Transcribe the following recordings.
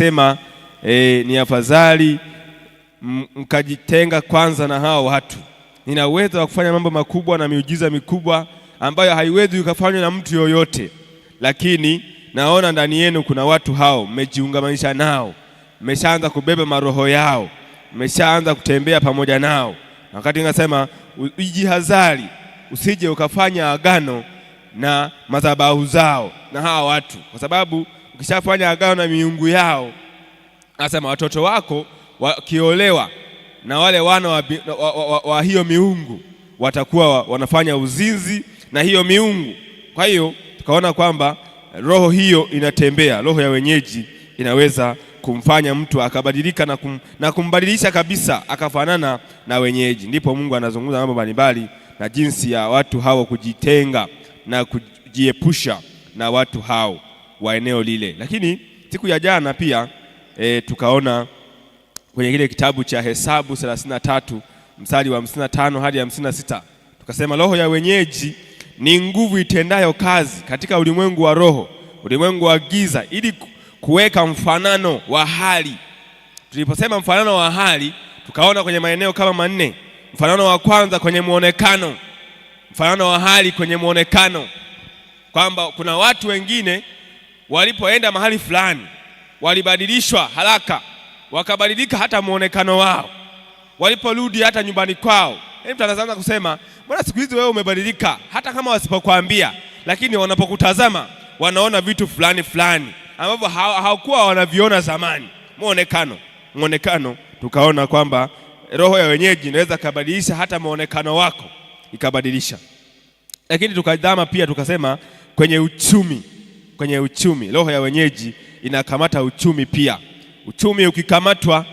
akasema e, ni afadhali mkajitenga kwanza na hao watu. Nina uwezo wa kufanya mambo makubwa na miujiza mikubwa ambayo haiwezi ukafanywa na mtu yoyote, lakini naona ndani yenu kuna watu hao mmejiungamanisha nao, mmeshaanza kubeba maroho yao, mmeshaanza kutembea pamoja nao. Wakati nasema ujihadhari, usije ukafanya agano na madhabahu zao na hawa watu, kwa sababu ukishafanya agano na miungu yao, anasema watoto wako wakiolewa na wale wana wa, wa, wa, wa, wa hiyo miungu watakuwa wa, wanafanya uzinzi na hiyo miungu. Kwa hiyo tukaona kwamba roho hiyo inatembea, roho ya wenyeji inaweza kumfanya mtu akabadilika na, kum, na kumbadilisha kabisa akafanana na wenyeji. Ndipo Mungu anazungumza mambo mbalimbali na jinsi ya watu hao kujitenga na kujiepusha na watu hao wa eneo lile. Lakini siku ya jana pia e, tukaona kwenye kile kitabu cha Hesabu 33 mstari wa 55 hadi 56, tukasema roho ya wenyeji ni nguvu itendayo kazi katika ulimwengu wa roho, ulimwengu wa giza, ili kuweka mfanano wa hali. Tuliposema mfanano wa hali, tukaona kwenye maeneo kama manne. Mfanano wa kwanza kwenye muonekano, mfanano wa hali kwenye muonekano, kwamba kuna watu wengine walipoenda mahali fulani walibadilishwa haraka, wakabadilika hata muonekano wao, waliporudi hata nyumbani kwao. Mtu anazanza kusema mbona siku hizi wewe umebadilika, hata kama wasipokuambia, lakini wanapokutazama wanaona vitu fulani fulani ambavyo hawakuwa wanaviona zamani. Muonekano, muonekano, tukaona kwamba roho ya wenyeji inaweza kabadilisha hata muonekano wako ikabadilisha. Lakini tukadhama pia tukasema kwenye uchumi kwenye uchumi. Roho ya wenyeji inakamata uchumi pia. Uchumi ukikamatwa,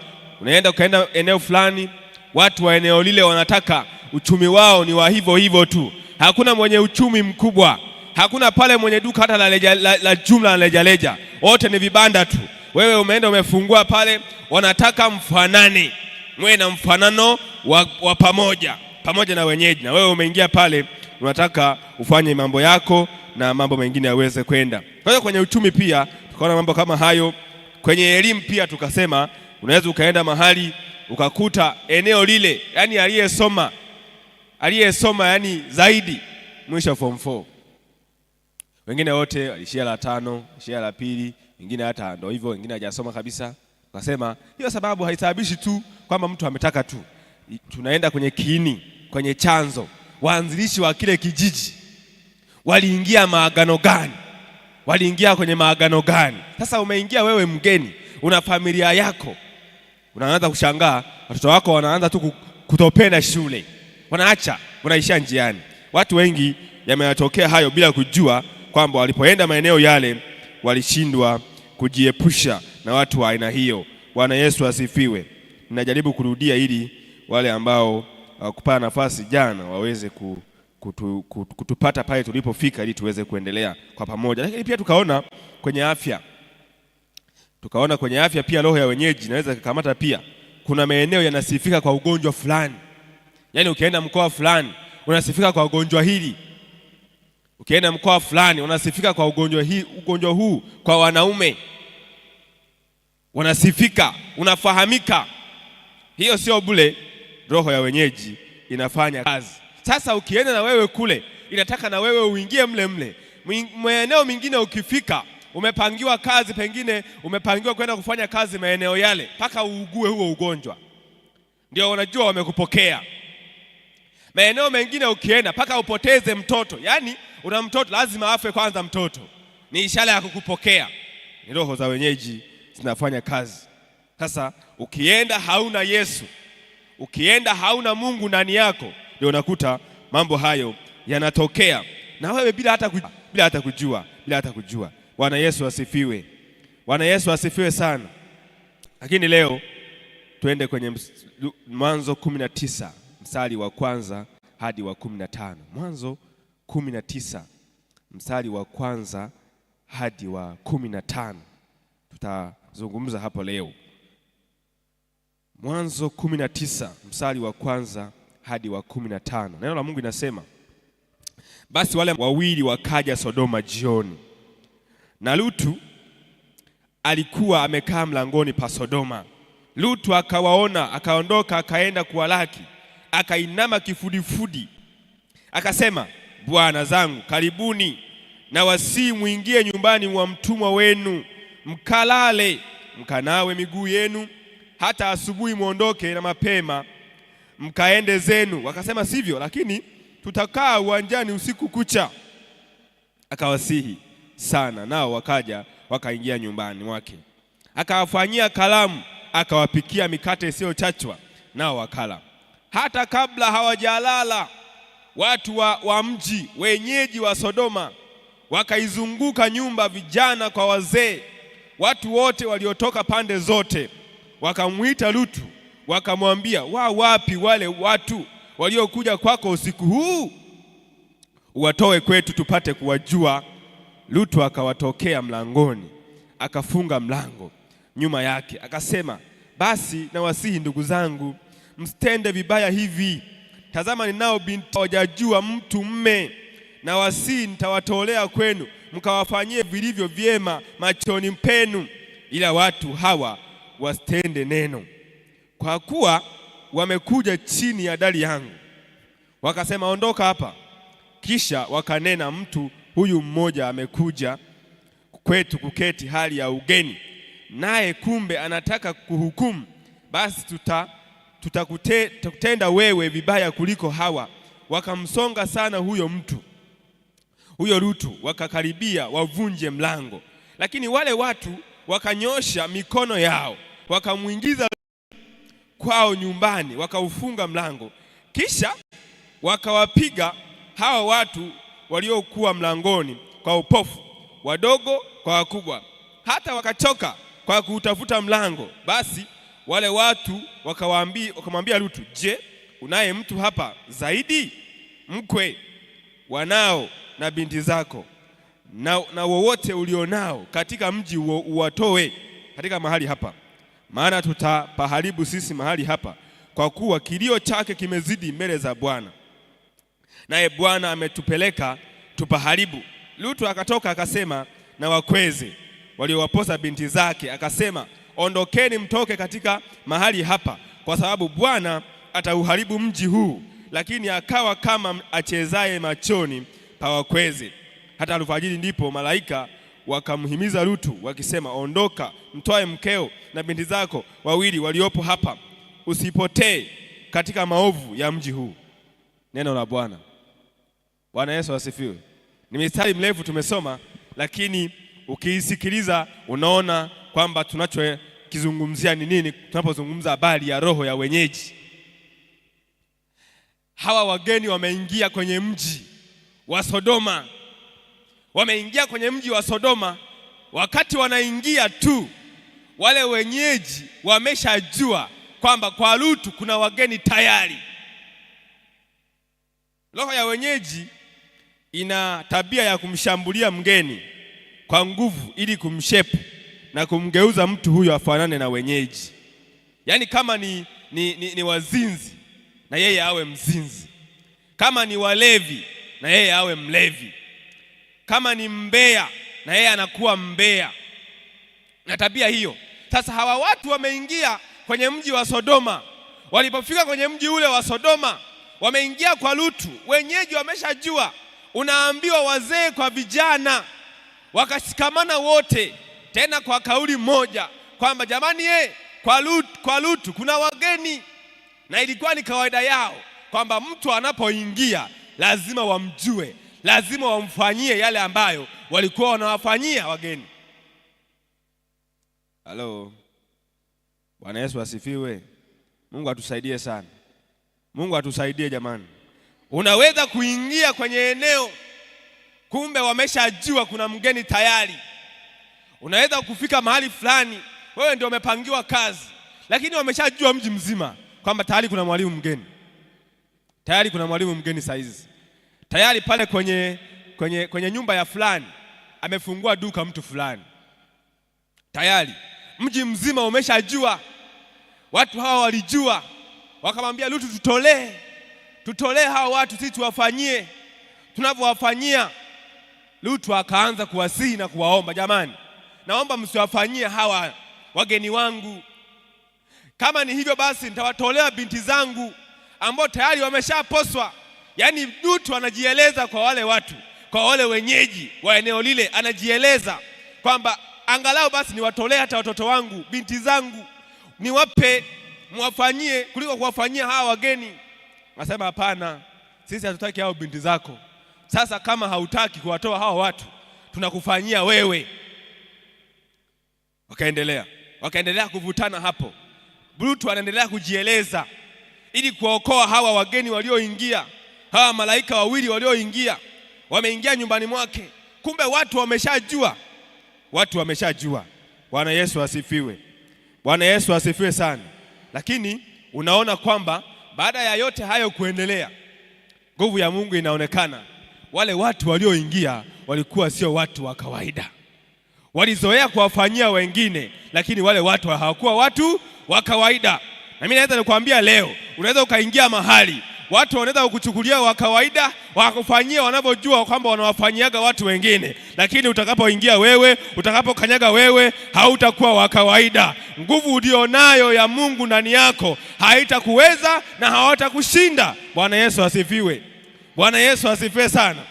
unaenda ukaenda eneo fulani, watu wa eneo lile wanataka uchumi wao ni wa hivyo hivyo tu. Hakuna mwenye uchumi mkubwa, hakuna pale mwenye duka hata la, leja, la, la jumla na lejaleja, wote ni vibanda tu. Wewe umeenda umefungua pale, wanataka mfanane, mwe na mfanano wa, wa pamoja pamoja na wenyeji, na wewe umeingia pale unataka ufanye mambo yako na mambo mengine yaweze kwenda. Kwa hiyo kwenye uchumi pia tukaona mambo kama hayo. Kwenye elimu pia tukasema unaweza ukaenda mahali ukakuta eneo lile, yani aliyesoma aliyesoma yani zaidi mwisho form 4 wengine wote walishia la tano, ishia la pili, wengine hata ndio hivyo, wengine hajasoma kabisa. Tukasema hiyo sababu haisababishi tu kwamba mtu ametaka tu, tunaenda kwenye kiini, kwenye chanzo waanzilishi wa kile kijiji waliingia maagano gani, waliingia kwenye maagano gani? Sasa umeingia wewe mgeni, una familia yako, unaanza kushangaa watoto wako wanaanza tu kutopenda shule, wanaacha, wanaishia njiani. Watu wengi yameyatokea hayo bila kujua kwamba walipoenda maeneo yale walishindwa kujiepusha na watu wa aina hiyo. Bwana Yesu asifiwe. Ninajaribu kurudia ili wale ambao Uh, kupata nafasi jana waweze ku, kutu, kutu, kutupata pale tulipofika ili tuweze kuendelea kwa pamoja, lakini pia tukaona kwenye afya tukaona kwenye afya pia roho ya wenyeji inaweza kukamata pia. Kuna maeneo yanasifika kwa ugonjwa fulani, yaani ukienda mkoa fulani unasifika kwa ugonjwa hili, ukienda mkoa fulani unasifika kwa ugonjwa hii, ugonjwa huu kwa wanaume unasifika, unafahamika. Hiyo sio bure roho ya wenyeji inafanya kazi. Sasa ukienda na wewe kule, inataka na wewe uingie mle mle. Maeneo mengine ukifika, umepangiwa kazi, pengine umepangiwa kwenda kufanya kazi maeneo yale mpaka uugue huo ugonjwa, ndio unajua wamekupokea. Maeneo mengine ukienda mpaka upoteze mtoto, yaani una mtoto lazima afe kwanza, mtoto ni ishara ya kukupokea. Ni roho za wenyeji zinafanya kazi. Sasa ukienda hauna Yesu Ukienda hauna Mungu ndani yako, ndio unakuta mambo hayo yanatokea na wewe bila hata kujua, bila hata kujua, bila hata kujua. Bwana Yesu asifiwe, Bwana Yesu asifiwe sana. Lakini leo tuende kwenye Mwanzo kumi na tisa mstari wa kwanza hadi wa kumi na tano Mwanzo kumi na tisa mstari wa kwanza hadi wa kumi na tano tutazungumza hapo leo. Mwanzo 19 msali wa kwanza hadi wa 15. Neno la Mungu linasema, basi wale wawili wakaja Sodoma jioni, na Lutu alikuwa amekaa mlangoni pa Sodoma. Lutu akawaona, akaondoka, akaenda kuwalaki, akainama kifudifudi, akasema, bwana zangu karibuni, na wasii mwingie nyumbani mwa mtumwa wenu, mkalale, mkanawe miguu yenu hata asubuhi mwondoke na mapema mkaende zenu. Wakasema sivyo, lakini tutakaa uwanjani usiku kucha. Akawasihi sana, nao wakaja wakaingia nyumbani mwake, akawafanyia kalamu akawapikia mikate isiyochachwa, nao wakala. Hata kabla hawajalala watu wa, wa mji wenyeji wa Sodoma wakaizunguka nyumba, vijana kwa wazee, watu wote waliotoka pande zote wakamwita Lutu wakamwambia, wa wapi wale watu waliokuja kwako usiku huu? Watoe kwetu tupate kuwajua. Lutu akawatokea mlangoni, akafunga mlango nyuma yake, akasema, basi nawasihi ndugu zangu, msitende vibaya hivi. Tazama, ninao binti hawajajua mtu mme, na wasii nitawatolea kwenu, mkawafanyie vilivyo vyema machoni mpenu, ila watu hawa wasitende neno, kwa kuwa wamekuja chini ya dari yangu. Wakasema, ondoka hapa. Kisha wakanena, mtu huyu mmoja amekuja kwetu kuketi hali ya ugeni, naye kumbe anataka kuhukumu. Basi tuta tutakutenda wewe vibaya kuliko hawa. Wakamsonga sana huyo mtu huyo Rutu, wakakaribia wavunje mlango, lakini wale watu wakanyosha mikono yao wakamwingiza kwao nyumbani, wakaufunga mlango, kisha wakawapiga hawa watu waliokuwa mlangoni kwa upofu, wadogo kwa wakubwa, hata wakachoka kwa kuutafuta mlango. Basi wale watu wakamwambia Lutu, je, unaye mtu hapa zaidi? Mkwe, wanao na binti zako na, na wowote ulionao katika mji uwatoe katika mahali hapa maana tutapaharibu sisi mahali hapa, kwa kuwa kilio chake kimezidi mbele za Bwana, naye Bwana ametupeleka tupaharibu. Lutu akatoka akasema na wakweze waliowaposa binti zake, akasema ondokeni, mtoke katika mahali hapa, kwa sababu Bwana atauharibu mji huu. Lakini akawa kama achezaye machoni pa wakweze. Hata alfajiri ndipo malaika wakamhimiza rutu wakisema, ondoka, mtwae mkeo na binti zako wawili waliopo hapa, usipotee katika maovu ya mji huu. Neno la Bwana. Bwana Yesu asifiwe. Ni mistari mrefu tumesoma, lakini ukiisikiliza unaona kwamba tunachokizungumzia ni nini tunapozungumza habari ya roho ya wenyeji. Hawa wageni wameingia kwenye mji wa Sodoma wameingia kwenye mji wa Sodoma. Wakati wanaingia tu, wale wenyeji wameshajua kwamba kwa Lutu kuna wageni tayari. Roho ya wenyeji ina tabia ya kumshambulia mgeni kwa nguvu ili kumshepu na kumgeuza mtu huyo afanane na wenyeji, yaani kama ni, ni, ni, ni wazinzi na yeye awe mzinzi, kama ni walevi na yeye awe mlevi kama ni mbea na yeye anakuwa mbea na tabia hiyo. Sasa hawa watu wameingia kwenye mji wa Sodoma. Walipofika kwenye mji ule wa Sodoma, wameingia kwa Lutu. Wenyeji wameshajua, unaambiwa wazee kwa vijana, wakashikamana wote tena kwa kauli moja kwamba jamani, ye eh, kwa Lutu, kwa Lutu kuna wageni. Na ilikuwa ni kawaida yao kwamba mtu anapoingia lazima wamjue lazima wamfanyie yale ambayo walikuwa wanawafanyia wageni. Halo, Bwana Yesu asifiwe. Mungu atusaidie sana, Mungu atusaidie jamani. Unaweza kuingia kwenye eneo, kumbe wameshajua kuna mgeni tayari. Unaweza kufika mahali fulani, wewe ndio umepangiwa kazi, lakini wameshajua mji mzima kwamba tayari kuna mwalimu mgeni, tayari kuna mwalimu mgeni saa hizi tayari pale kwenye, kwenye, kwenye nyumba ya fulani amefungua duka mtu fulani tayari, mji mzima umeshajua, watu hawa walijua, wakamwambia Lutu, tutolee tutolee hawa watu sisi tuwafanyie tunavyowafanyia. Lutu akaanza kuwasihi na kuwaomba, jamani, naomba msiwafanyie hawa wageni wangu, kama ni hivyo basi nitawatolea binti zangu ambao tayari wameshaposwa. Yaani Dutu anajieleza kwa wale watu, kwa wale wenyeji wa eneo lile, anajieleza kwamba angalau basi niwatolee hata watoto wangu, binti zangu, niwape mwafanyie, kuliko kuwafanyia hawa wageni. Nasema hapana, sisi hatutaki hao binti zako. Sasa kama hautaki kuwatoa hawa watu, tunakufanyia wewe. Wakaendelea, wakaendelea kuvutana hapo. Brutu anaendelea kujieleza ili kuwaokoa hawa wageni walioingia hawa malaika wawili walioingia wameingia nyumbani mwake, kumbe watu wameshajua, watu wameshajua. Bwana Yesu asifiwe, Bwana Yesu asifiwe sana. Lakini unaona kwamba baada ya yote hayo kuendelea, nguvu ya Mungu inaonekana. Wale watu walioingia walikuwa sio watu wa kawaida, walizoea kuwafanyia wengine, lakini wale watu hawakuwa watu wa kawaida. Na mimi naweza nikwambia leo, unaweza ukaingia mahali watu wanaweza kukuchukulia wa kawaida, wakufanyia wanavyojua kwamba wanawafanyiaga watu wengine, lakini utakapoingia wewe, utakapokanyaga wewe, hautakuwa wa kawaida. Nguvu ulionayo ya Mungu ndani yako haitakuweza na hawatakushinda. Bwana Yesu asifiwe! Bwana Yesu asifiwe sana.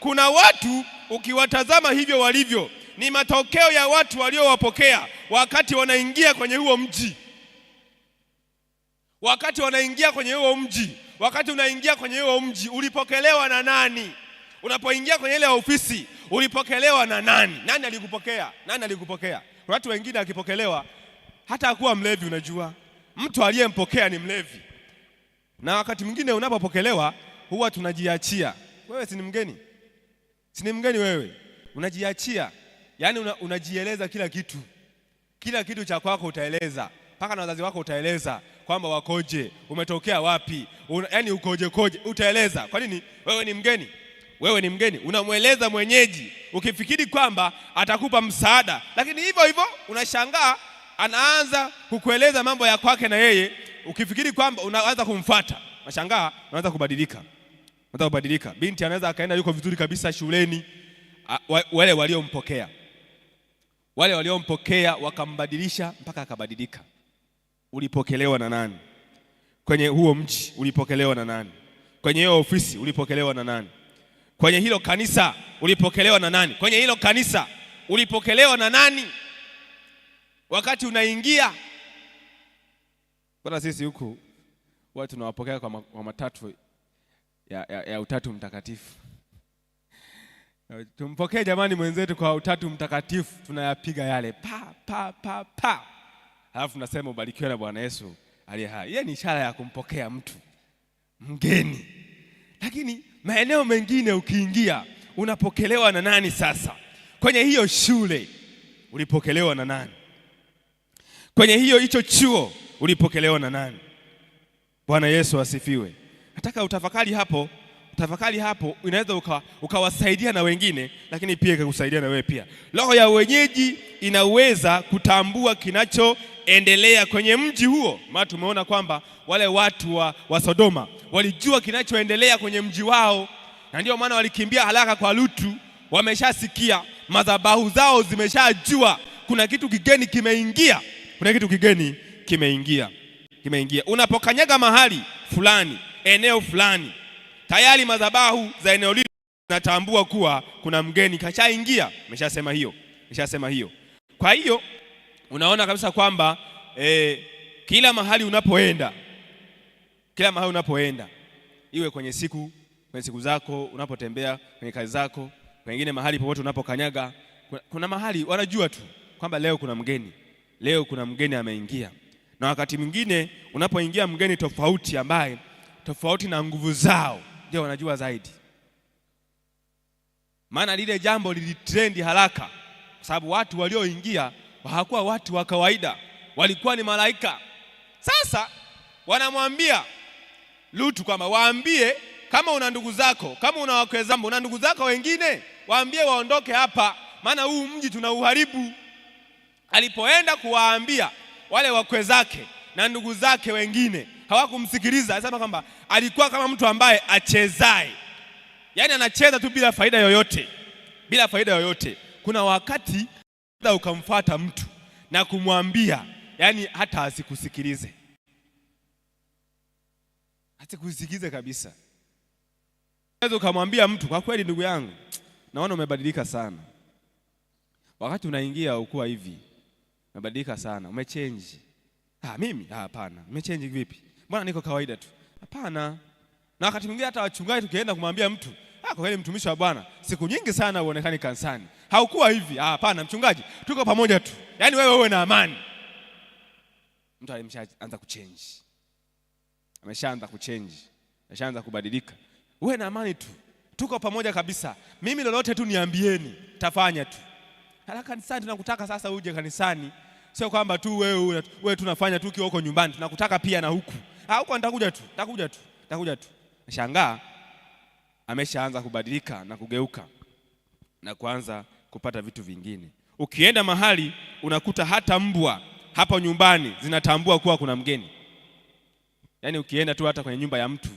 Kuna watu ukiwatazama hivyo walivyo, ni matokeo ya watu waliowapokea wakati wanaingia kwenye huo mji, wakati wanaingia kwenye huo mji Wakati unaingia kwenye huo mji ulipokelewa na nani? Unapoingia kwenye ile ofisi ulipokelewa na nani? Nani alikupokea? Nani alikupokea? Watu wengine akipokelewa hata hakuwa mlevi, unajua mtu aliyempokea ni mlevi. Na wakati mwingine unapopokelewa huwa tunajiachia. Wewe si ni mgeni, si ni mgeni wewe, unajiachia, yaani una, unajieleza kila kitu, kila kitu cha kwako utaeleza mpaka na wazazi wako utaeleza kwamba wakoje, umetokea wapi, yani ukoje koje, utaeleza. Kwa nini? Wewe ni mgeni, wewe ni mgeni, unamweleza mwenyeji ukifikiri kwamba atakupa msaada, lakini hivyo hivyo unashangaa anaanza kukueleza mambo ya kwake na yeye, ukifikiri kwamba unaanza kumfuata, unashangaa unaanza kubadilika, unaanza kubadilika. Binti anaweza akaenda, yuko vizuri kabisa shuleni, wale waliompokea wale waliompokea wakambadilisha mpaka akabadilika ulipokelewa na nani? Kwenye huo mji ulipokelewa na nani? Kwenye hiyo ofisi ulipokelewa na nani? Kwenye hilo kanisa ulipokelewa na nani? Kwenye hilo kanisa ulipokelewa na nani? Wakati unaingia bwana, sisi huku watu tunawapokea kwa matatu ya, ya, ya utatu mtakatifu. Tumpokee jamani mwenzetu kwa utatu mtakatifu, tunayapiga yale pa pa pa pa alafu nasema ubarikiwe na Bwana Yesu aliye hai. Hiyo ni ishara ya kumpokea mtu mgeni, lakini maeneo mengine ukiingia unapokelewa na nani? Sasa kwenye hiyo shule ulipokelewa na nani? Kwenye hiyo hicho chuo ulipokelewa na nani? Bwana Yesu asifiwe. Nataka utafakari hapo tafakari hapo inaweza uka, ukawasaidia na wengine, lakini pia ikakusaidia na wewe pia. Roho ya wenyeji inaweza kutambua kinachoendelea kwenye mji huo, maana tumeona kwamba wale watu wa, wa Sodoma walijua kinachoendelea kwenye mji wao, na ndio maana walikimbia haraka kwa Lutu. Wameshasikia, madhabahu zao zimeshajua kuna kitu kigeni kimeingia, kuna kitu kigeni kimeingia, kimeingia. Unapokanyaga mahali fulani, eneo fulani tayari madhabahu za eneo lile natambua kuwa kuna mgeni kashaingia, ameshasema hiyo, ameshasema hiyo. Kwa hiyo unaona kabisa kwamba e, kila mahali unapoenda, kila mahali unapoenda, iwe kwenye siku kwenye siku zako, unapotembea kwenye kazi zako, pengine mahali popote unapokanyaga, kuna, kuna mahali wanajua tu kwamba leo kuna mgeni, leo kuna mgeni ameingia. Na wakati mwingine unapoingia mgeni tofauti, ambaye tofauti na nguvu zao ndio wanajua zaidi, maana lile jambo lilitrendi haraka, kwa sababu watu walioingia hawakuwa watu wa kawaida, walikuwa ni malaika. Sasa wanamwambia Lutu kwamba waambie, kama una ndugu zako, kama una wakwe zambo una ndugu zako wengine, waambie waondoke hapa, maana huu mji tunauharibu. Alipoenda kuwaambia wale wakwe zake na ndugu zake wengine hawakumsikiliza. Anasema kwamba alikuwa kama mtu ambaye achezae yaani anacheza tu bila faida yoyote, bila faida yoyote. Kuna wakati ukamfuata mtu na kumwambia, yaani hata asikusikilize, asikusikilize kabisa. Unaweza ukamwambia mtu, kwa kweli ndugu yangu, naona umebadilika sana, wakati unaingia ukuwa hivi umebadilika sana, umechange. Ah, mimi ah, hapana. Umechange vipi? bwana, niko kawaida tu. Hapana. Na wakati mwingine hata wachungaji tukienda kumwambia mtu ah, kwa kweli mtumishi wa Bwana siku nyingi sana huonekani kanisani, haukuwa hivi. Ah, hapana mchungaji, tuko pamoja tu, yaani wewe uwe na amani. Mtu alimshaanza kuchenji, ameshaanza kuchenji, ameshaanza kubadilika. Uwe na amani tu, tuko pamoja kabisa. Mimi lolote tu niambieni, tafanya tu. Hala kanisani tunakutaka sasa uje kanisani, sio kwamba tu wewe wewe tunafanya tu ukiwa huko nyumbani, tunakutaka pia na huku huko nitakuja tu, nitakuja tu, nitakuja tu. Nashangaa ameshaanza kubadilika na kugeuka na kuanza kupata vitu vingine. Ukienda mahali unakuta hata mbwa hapa nyumbani zinatambua kuwa kuna mgeni. Yaani ukienda tu hata kwenye nyumba ya mtu,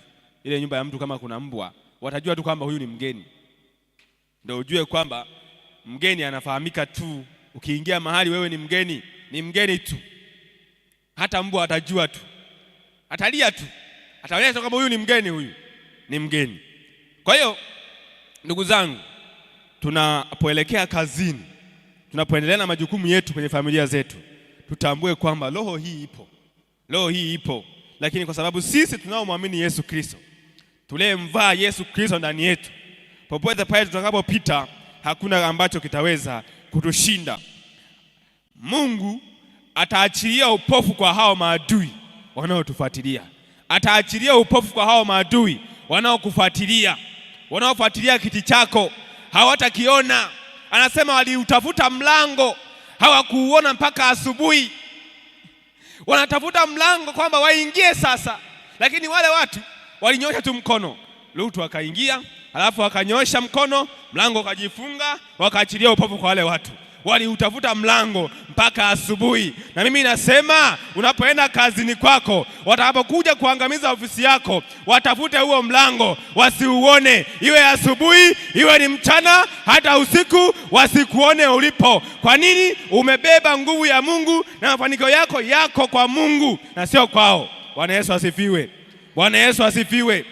ile nyumba ya mtu kama kuna mbwa, watajua tu kwamba huyu ni mgeni. Ndio ujue kwamba mgeni anafahamika tu. Ukiingia mahali wewe ni mgeni, ni mgeni tu, hata mbwa atajua tu atalia tu, ataonyesha kwamba huyu ni mgeni, huyu ni mgeni. Kwa hiyo ndugu zangu, tunapoelekea kazini, tunapoendelea na majukumu yetu kwenye familia zetu, tutambue kwamba roho hii ipo, roho hii ipo, lakini kwa sababu sisi tunaomwamini Yesu Kristo, tuliyemvaa Yesu Kristo ndani yetu, popote pale tutakapopita, hakuna ambacho kitaweza kutushinda. Mungu ataachilia upofu kwa hao maadui wanaotufuatilia, ataachilia upofu kwa hao maadui wanaokufuatilia, wanaofuatilia kiti chako hawatakiona. Anasema waliutafuta mlango hawakuuona mpaka asubuhi. Wanatafuta mlango kwamba waingie sasa, lakini wale watu walinyosha tu mkono. Lutu akaingia, halafu wakanyosha mkono, mlango ukajifunga, wakaachilia upofu kwa wale watu waliutafuta mlango mpaka asubuhi. Na mimi nasema unapoenda kazini kwako, watakapokuja kuangamiza ofisi yako, watafute huo mlango, wasiuone, iwe asubuhi, iwe ni mchana, hata usiku, wasikuone ulipo. Kwa nini? Umebeba nguvu ya Mungu na mafanikio yako yako kwa Mungu na sio kwao. Bwana Yesu asifiwe! Bwana Yesu asifiwe!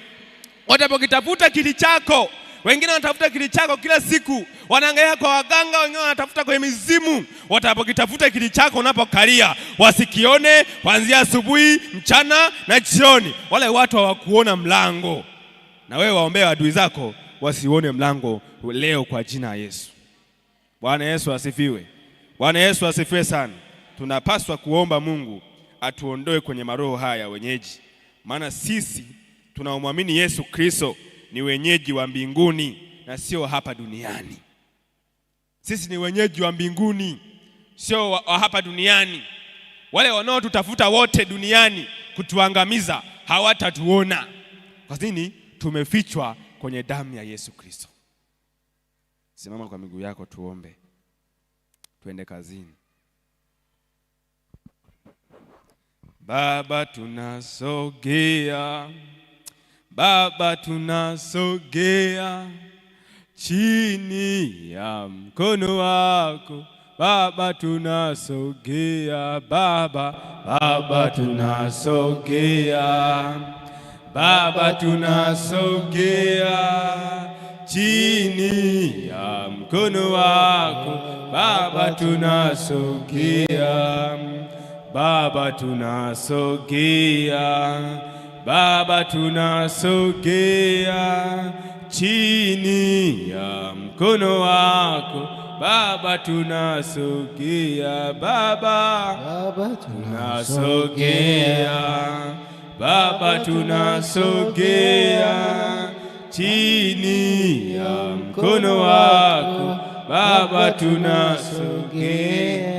Watapokitafuta kiti chako wengine wanatafuta kiti chako kila siku, wanaangalia kwa waganga, wengine wanatafuta kwenye mizimu. Watapokitafuta kiti chako unapokalia, wasikione kuanzia asubuhi, mchana na jioni. Wale watu hawakuona mlango, na wewe waombee adui zako wasione mlango leo kwa jina la Yesu. Bwana Yesu asifiwe. Bwana Yesu asifiwe sana. Tunapaswa kuomba Mungu atuondoe kwenye maroho haya wenyeji, maana sisi tunaomwamini Yesu Kristo ni wenyeji wa mbinguni na sio hapa duniani. Sisi ni wenyeji wa mbinguni, sio wa, wa hapa duniani. Wale wanaotutafuta wote duniani kutuangamiza hawatatuona. Kwa nini? Tumefichwa kwenye damu ya Yesu Kristo. Simama kwa miguu yako, tuombe, tuende kazini. Baba, tunasogea Baba, tunasogea chini ya mkono wako Baba, tunasogea Baba, Baba, tunasogea Baba, tunasogea chini ya mkono wako Baba, tunasogea Baba, tunasogea Baba, tunasogea chini ya mkono wako Baba, tunasogea Baba, Baba tunasogea Baba, tunasogea chini ya mkono wako Baba, tunasogea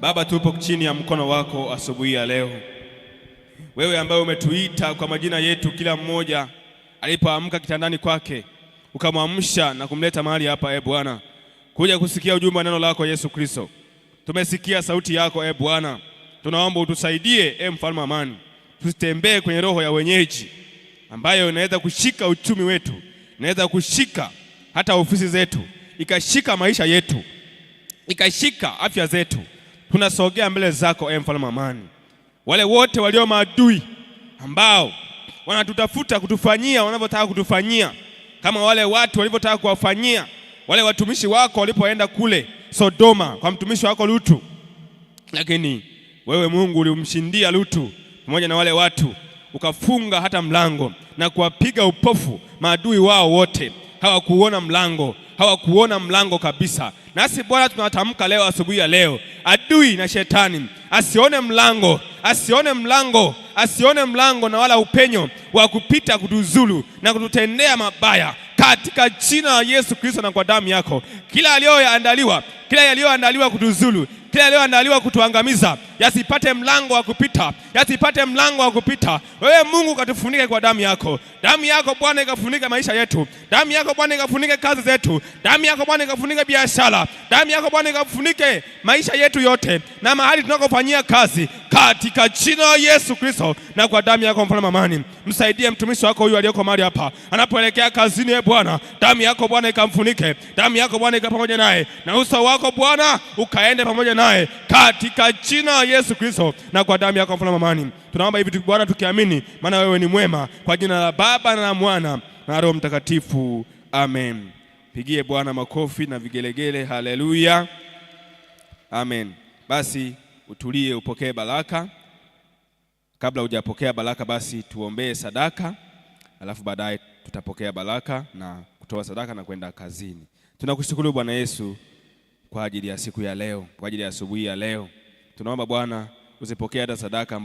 Baba, tupo chini ya mkono wako asubuhi ya leo wewe ambaye umetuita kwa majina yetu, kila mmoja alipoamka kitandani kwake ukamwamsha na kumleta mahali hapa, e Bwana, kuja kusikia ujumbe wa neno lako Yesu Kristo. Tumesikia sauti yako, e Bwana, tunaomba utusaidie, e mfalme amani, tusitembee kwenye roho ya wenyeji ambayo inaweza kushika uchumi wetu, inaweza kushika hata ofisi zetu, ikashika maisha yetu, ikashika afya zetu. Tunasogea mbele zako, e mfalme amani wale wote walio maadui ambao wanatutafuta kutufanyia wanavyotaka kutufanyia, kama wale watu walivyotaka kuwafanyia wale watumishi wako walipoenda kule Sodoma kwa mtumishi wako Lutu, lakini wewe Mungu ulimshindia Lutu pamoja na wale watu, ukafunga hata mlango na kuwapiga upofu maadui wao wote hawakuona mlango, hawakuona mlango kabisa. Nasi Bwana tunatamka leo asubuhi ya leo, adui na shetani asione mlango, asione mlango, asione mlango na wala upenyo wa kupita kutuzulu na kututendea mabaya katika jina la Yesu Kristo na kwa damu yako, kila aliyoandaliwa, kila yaliyoandaliwa kutuzulu kila yaliyoandaliwa kutuangamiza yasipate mlango wa kupita, yasipate mlango wa kupita. Wewe Mungu katufunike kwa damu yako. Damu yako Bwana ikafunike maisha yetu, damu yako Bwana ikafunike kazi zetu, damu yako Bwana ikafunike biashara, damu yako Bwana ikafunike maisha yetu yote na mahali tunakofanyia kazi, katika jina la Yesu Kristo na kwa damu yako. Mfalme amani, msaidie mtumishi wako huyu aliyeko mahali hapa anapoelekea kazini. Ye ee Bwana, damu yako Bwana ikamfunike, damu yako Bwana ika pamoja naye, na uso wako Bwana ukaende pamoja naye naye katika jina la Yesu Kristo na kwa damu yako mfalme amani. Tunaomba hivi Bwana tukiamini, maana wewe ni mwema. Kwa jina la Baba na la Mwana na Roho Mtakatifu, amen. Pigie Bwana makofi na vigelegele. Haleluya, amen. Basi utulie, upokee baraka. Kabla hujapokea baraka, basi tuombee sadaka, alafu baadaye tutapokea baraka na kutoa sadaka na kwenda kazini. Tunakushukuru Bwana Yesu kwa ajili ya siku ya leo, kwa ajili ya asubuhi ya leo. Tunaomba Bwana uzipokee hata sadaka